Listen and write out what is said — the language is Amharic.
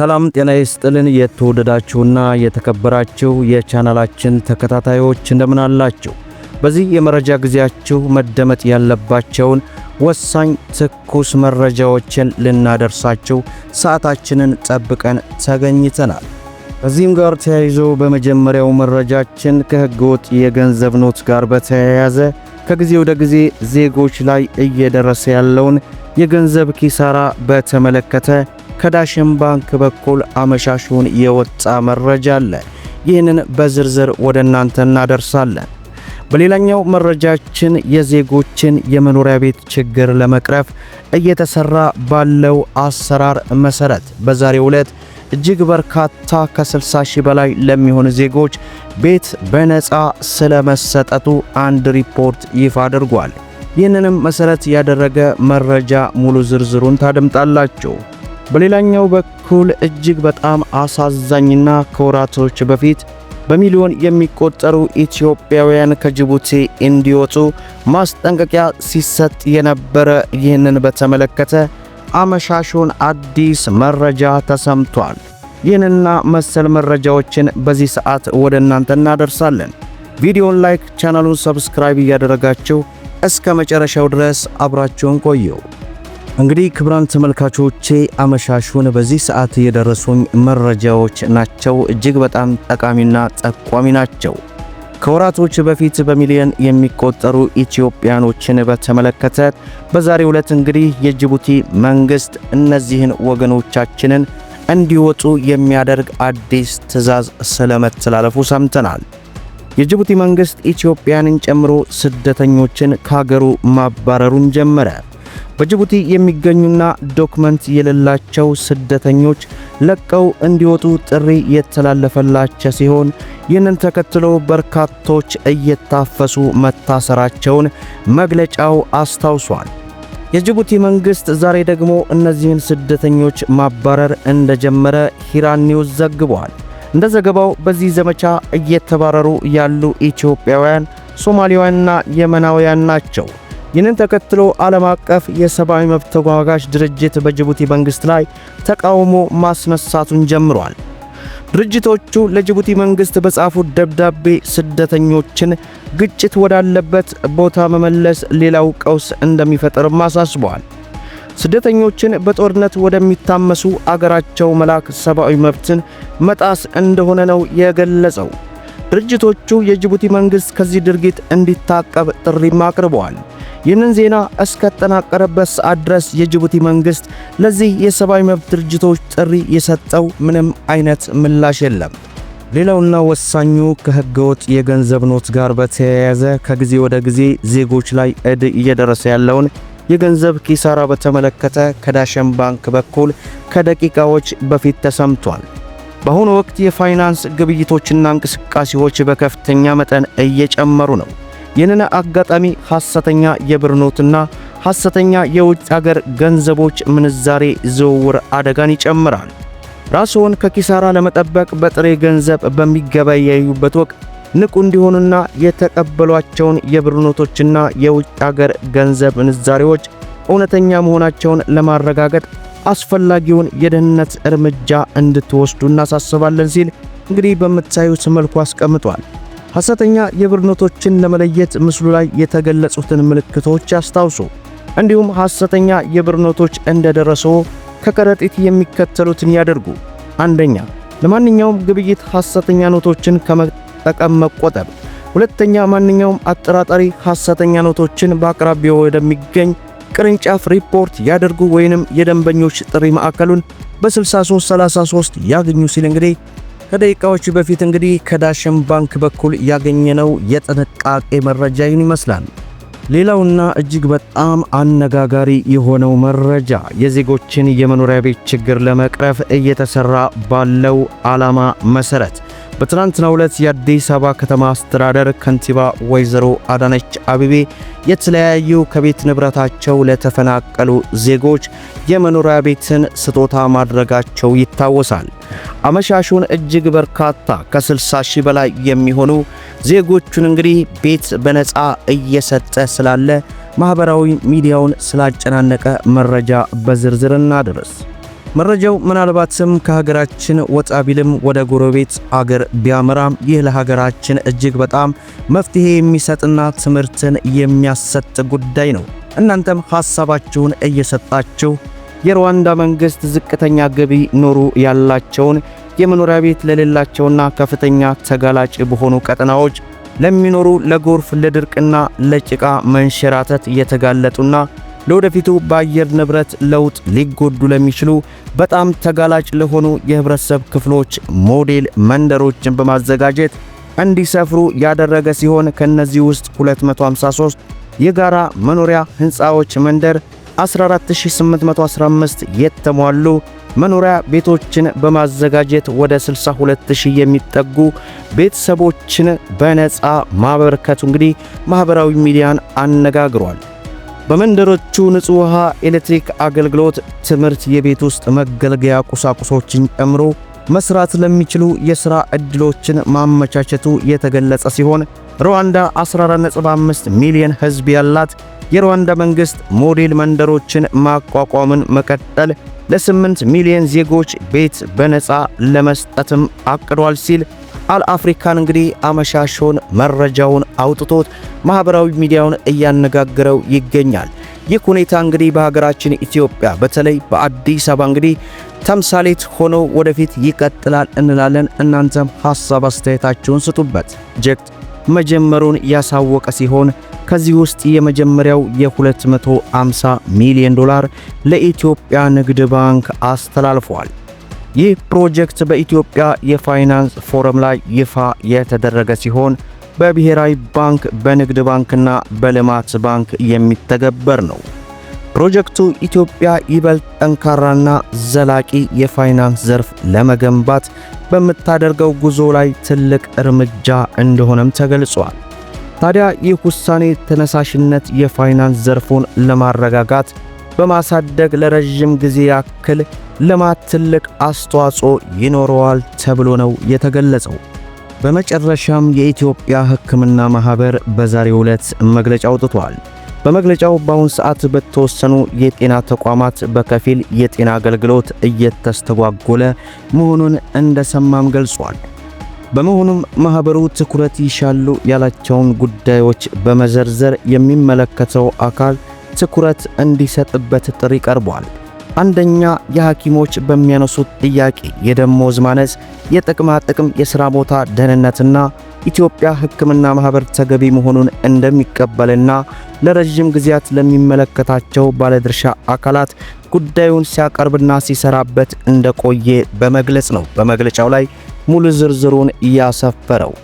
ሰላም ጤና ይስጥልን። የተወደዳችሁና የተከበራችሁ የቻናላችን ተከታታዮች እንደምን አላችሁ? በዚህ የመረጃ ጊዜያችሁ መደመጥ ያለባቸውን ወሳኝ ትኩስ መረጃዎችን ልናደርሳችሁ ሰዓታችንን ጠብቀን ተገኝተናል። ከዚህም ጋር ተያይዞ በመጀመሪያው መረጃችን ከህገወጥ የገንዘብ ኖት ጋር በተያያዘ ከጊዜ ወደ ጊዜ ዜጎች ላይ እየደረሰ ያለውን የገንዘብ ኪሳራ በተመለከተ ከዳሽን ባንክ በኩል አመሻሹን የወጣ መረጃ አለ። ይህንን በዝርዝር ወደ እናንተ እናደርሳለን። በሌላኛው መረጃችን የዜጎችን የመኖሪያ ቤት ችግር ለመቅረፍ እየተሰራ ባለው አሰራር መሰረት በዛሬው ዕለት እጅግ በርካታ ከ60 ሺህ በላይ ለሚሆኑ ዜጎች ቤት በነፃ ስለመሰጠቱ አንድ ሪፖርት ይፋ አድርጓል። ይህንንም መሰረት ያደረገ መረጃ ሙሉ ዝርዝሩን ታደምጣላችሁ። በሌላኛው በኩል እጅግ በጣም አሳዛኝና ከወራቶች በፊት በሚሊዮን የሚቆጠሩ ኢትዮጵያውያን ከጅቡቲ እንዲወጡ ማስጠንቀቂያ ሲሰጥ የነበረ ይህንን በተመለከተ አመሻሹን አዲስ መረጃ ተሰምቷል። ይህንና መሰል መረጃዎችን በዚህ ሰዓት ወደ እናንተ እናደርሳለን። ቪዲዮን ላይክ፣ ቻናሉን ሰብስክራይብ እያደረጋችሁ እስከ መጨረሻው ድረስ አብራችሁን ቆየው። እንግዲህ ክብራን ተመልካቾቼ አመሻሹን በዚህ ሰዓት የደረሱኝ መረጃዎች ናቸው። እጅግ በጣም ጠቃሚና ጠቋሚ ናቸው። ከወራቶች በፊት በሚሊዮን የሚቆጠሩ ኢትዮጵያኖችን በተመለከተ በዛሬው ዕለት እንግዲህ የጅቡቲ መንግስት እነዚህን ወገኖቻችንን እንዲወጡ የሚያደርግ አዲስ ትዕዛዝ ስለመተላለፉ ሰምተናል። የጅቡቲ መንግስት ኢትዮጵያንን ጨምሮ ስደተኞችን ከሀገሩ ማባረሩን ጀመረ። በጅቡቲ የሚገኙና ዶክመንት የሌላቸው ስደተኞች ለቀው እንዲወጡ ጥሪ የተላለፈላቸው ሲሆን ይህንን ተከትሎ በርካቶች እየታፈሱ መታሰራቸውን መግለጫው አስታውሷል። የጅቡቲ መንግሥት ዛሬ ደግሞ እነዚህን ስደተኞች ማባረር እንደጀመረ ሂራን ኒውስ ዘግቧል። እንደ ዘገባው በዚህ ዘመቻ እየተባረሩ ያሉ ኢትዮጵያውያን፣ ሶማሊያውያንና የመናውያን ናቸው። ይህንን ተከትሎ ዓለም አቀፍ የሰብአዊ መብት ተሟጋች ድርጅት በጅቡቲ መንግሥት ላይ ተቃውሞ ማስነሳቱን ጀምሯል። ድርጅቶቹ ለጅቡቲ መንግሥት በጻፉት ደብዳቤ ስደተኞችን ግጭት ወዳለበት ቦታ መመለስ ሌላው ቀውስ እንደሚፈጥርም አሳስበዋል። ስደተኞችን በጦርነት ወደሚታመሱ አገራቸው መላክ ሰብአዊ መብትን መጣስ እንደሆነ ነው የገለጸው። ድርጅቶቹ የጅቡቲ መንግሥት ከዚህ ድርጊት እንዲታቀብ ጥሪም አቅርበዋል። ይህንን ዜና እስከተጠናቀረበት ሰዓት ድረስ የጅቡቲ መንግስት ለዚህ የሰብአዊ መብት ድርጅቶች ጥሪ የሰጠው ምንም አይነት ምላሽ የለም። ሌላውና ወሳኙ ከህገወጥ የገንዘብ ኖት ጋር በተያያዘ ከጊዜ ወደ ጊዜ ዜጎች ላይ እድ እየደረሰ ያለውን የገንዘብ ኪሳራ በተመለከተ ከዳሸን ባንክ በኩል ከደቂቃዎች በፊት ተሰምቷል። በአሁኑ ወቅት የፋይናንስ ግብይቶችና እንቅስቃሴዎች በከፍተኛ መጠን እየጨመሩ ነው። ይህንን አጋጣሚ ሐሰተኛ የብር ኖትና ሐሰተኛ የውጭ አገር ገንዘቦች ምንዛሬ ዝውውር አደጋን ይጨምራል። ራስዎን ከኪሳራ ለመጠበቅ በጥሬ ገንዘብ በሚገበያዩበት ወቅት ንቁ እንዲሆኑና የተቀበሏቸውን የብር ኖቶችና የውጭ አገር ገንዘብ ምንዛሬዎች እውነተኛ መሆናቸውን ለማረጋገጥ አስፈላጊውን የደህንነት እርምጃ እንድትወስዱ እናሳስባለን ሲል እንግዲህ በምታዩት መልኩ አስቀምጧል። ሐሰተኛ የብር ኖቶችን ለመለየት ምስሉ ላይ የተገለጹትን ምልክቶች ያስታውሱ። እንዲሁም ሐሰተኛ የብር ኖቶች እንደደረሰው ከከረጢት የሚከተሉትን ያደርጉ። አንደኛ፣ ለማንኛውም ግብይት ሐሰተኛ ኖቶችን ከመጠቀም መቆጠብ። ሁለተኛ፣ ማንኛውም አጠራጣሪ ሐሰተኛ ኖቶችን በአቅራቢያው ወደሚገኝ ቅርንጫፍ ሪፖርት ያደርጉ ወይንም የደንበኞች ጥሪ ማዕከሉን በ6333 ያገኙ ሲል እንግዲህ ከደቂቃዎች በፊት እንግዲህ ከዳሽን ባንክ በኩል ያገኘነው የጥንቃቄ መረጃ ይህን ይመስላል። ሌላውና እጅግ በጣም አነጋጋሪ የሆነው መረጃ የዜጎችን የመኖሪያ ቤት ችግር ለመቅረፍ እየተሰራ ባለው ዓላማ መሰረት በትናንትናው ዕለት የአዲስ አበባ ከተማ አስተዳደር ከንቲባ ወይዘሮ አዳነች አቤቤ የተለያዩ ከቤት ንብረታቸው ለተፈናቀሉ ዜጎች የመኖሪያ ቤትን ስጦታ ማድረጋቸው ይታወሳል። አመሻሹን እጅግ በርካታ ከ60 ሺህ በላይ የሚሆኑ ዜጎቹን እንግዲህ ቤት በነፃ እየሰጠ ስላለ ማኅበራዊ ሚዲያውን ስላጨናነቀ መረጃ በዝርዝር እናድረስ። መረጃው ምናልባትም ከሀገራችን ወጣ ቢልም ወደ ጎረቤት አገር ቢያመራም ይህ ለሀገራችን እጅግ በጣም መፍትሄ የሚሰጥና ትምህርትን የሚያሰጥ ጉዳይ ነው። እናንተም ሐሳባችሁን እየሰጣችሁ የሩዋንዳ መንግስት ዝቅተኛ ገቢ ኖሩ ያላቸውን የመኖሪያ ቤት ለሌላቸውና ከፍተኛ ተጋላጭ በሆኑ ቀጠናዎች ለሚኖሩ ለጎርፍ ለድርቅና ለጭቃ መንሸራተት የተጋለጡና። ለወደፊቱ በአየር ንብረት ለውጥ ሊጎዱ ለሚችሉ በጣም ተጋላጭ ለሆኑ የህብረተሰብ ክፍሎች ሞዴል መንደሮችን በማዘጋጀት እንዲሰፍሩ ያደረገ ሲሆን ከነዚህ ውስጥ 253 የጋራ መኖሪያ ህንፃዎች መንደር 14815 የተሟሉ መኖሪያ ቤቶችን በማዘጋጀት ወደ 62000 የሚጠጉ ቤተሰቦችን በነፃ ማበርከቱ እንግዲህ ማህበራዊ ሚዲያን አነጋግሯል። በመንደሮቹ ንጹህ ውሃ፣ ኤሌክትሪክ አገልግሎት፣ ትምህርት፣ የቤት ውስጥ መገልገያ ቁሳቁሶችን ጨምሮ መስራት ለሚችሉ የሥራ ዕድሎችን ማመቻቸቱ የተገለጸ ሲሆን ሩዋንዳ 14.5 ሚሊዮን ሕዝብ ያላት የሩዋንዳ መንግሥት ሞዴል መንደሮችን ማቋቋምን መቀጠል ለ ለ8 ሚሊዮን ዜጎች ቤት በነፃ ለመስጠትም አቅዷል ሲል አልአፍሪካን እንግዲህ አመሻሾን መረጃውን አውጥቶት ማህበራዊ ሚዲያውን እያነጋገረው ይገኛል። ይህ ሁኔታ እንግዲህ በሀገራችን ኢትዮጵያ በተለይ በአዲስ አበባ እንግዲህ ተምሳሌት ሆኖ ወደፊት ይቀጥላል እንላለን። እናንተም ሐሳብ አስተያየታችሁን ስጡበት። ጀክት መጀመሩን ያሳወቀ ሲሆን ከዚህ ውስጥ የመጀመሪያው የ250 ሚሊዮን ዶላር ለኢትዮጵያ ንግድ ባንክ አስተላልፏል። ይህ ፕሮጀክት በኢትዮጵያ የፋይናንስ ፎረም ላይ ይፋ የተደረገ ሲሆን በብሔራዊ ባንክ በንግድ ባንክና በልማት ባንክ የሚተገበር ነው። ፕሮጀክቱ ኢትዮጵያ ይበልጥ ጠንካራና ዘላቂ የፋይናንስ ዘርፍ ለመገንባት በምታደርገው ጉዞ ላይ ትልቅ እርምጃ እንደሆነም ተገልጿል። ታዲያ ይህ ውሳኔ ተነሳሽነት የፋይናንስ ዘርፉን ለማረጋጋት በማሳደግ ለረዥም ጊዜ ያክል ልማት ትልቅ አስተዋጽኦ ይኖረዋል ተብሎ ነው የተገለጸው። በመጨረሻም የኢትዮጵያ ሕክምና ማህበር በዛሬ ዕለት መግለጫ አውጥቷል። በመግለጫው በአሁን ሰዓት በተወሰኑ የጤና ተቋማት በከፊል የጤና አገልግሎት እየተስተጓጎለ መሆኑን እንደሰማም ገልጿል። በመሆኑም ማህበሩ ትኩረት ይሻሉ ያላቸውን ጉዳዮች በመዘርዘር የሚመለከተው አካል ትኩረት እንዲሰጥበት ጥሪ ቀርቧል። አንደኛ የሐኪሞች በሚያነሱት ጥያቄ የደሞዝ ማነስ፣ የጥቅማ ጥቅም፣ የሥራ ቦታ ደህንነትና ኢትዮጵያ ሕክምና ማህበር ተገቢ መሆኑን እንደሚቀበልና ለረዥም ጊዜያት ለሚመለከታቸው ባለድርሻ አካላት ጉዳዩን ሲያቀርብና ሲሰራበት እንደቆየ በመግለጽ ነው በመግለጫው ላይ ሙሉ ዝርዝሩን ያሰፈረው።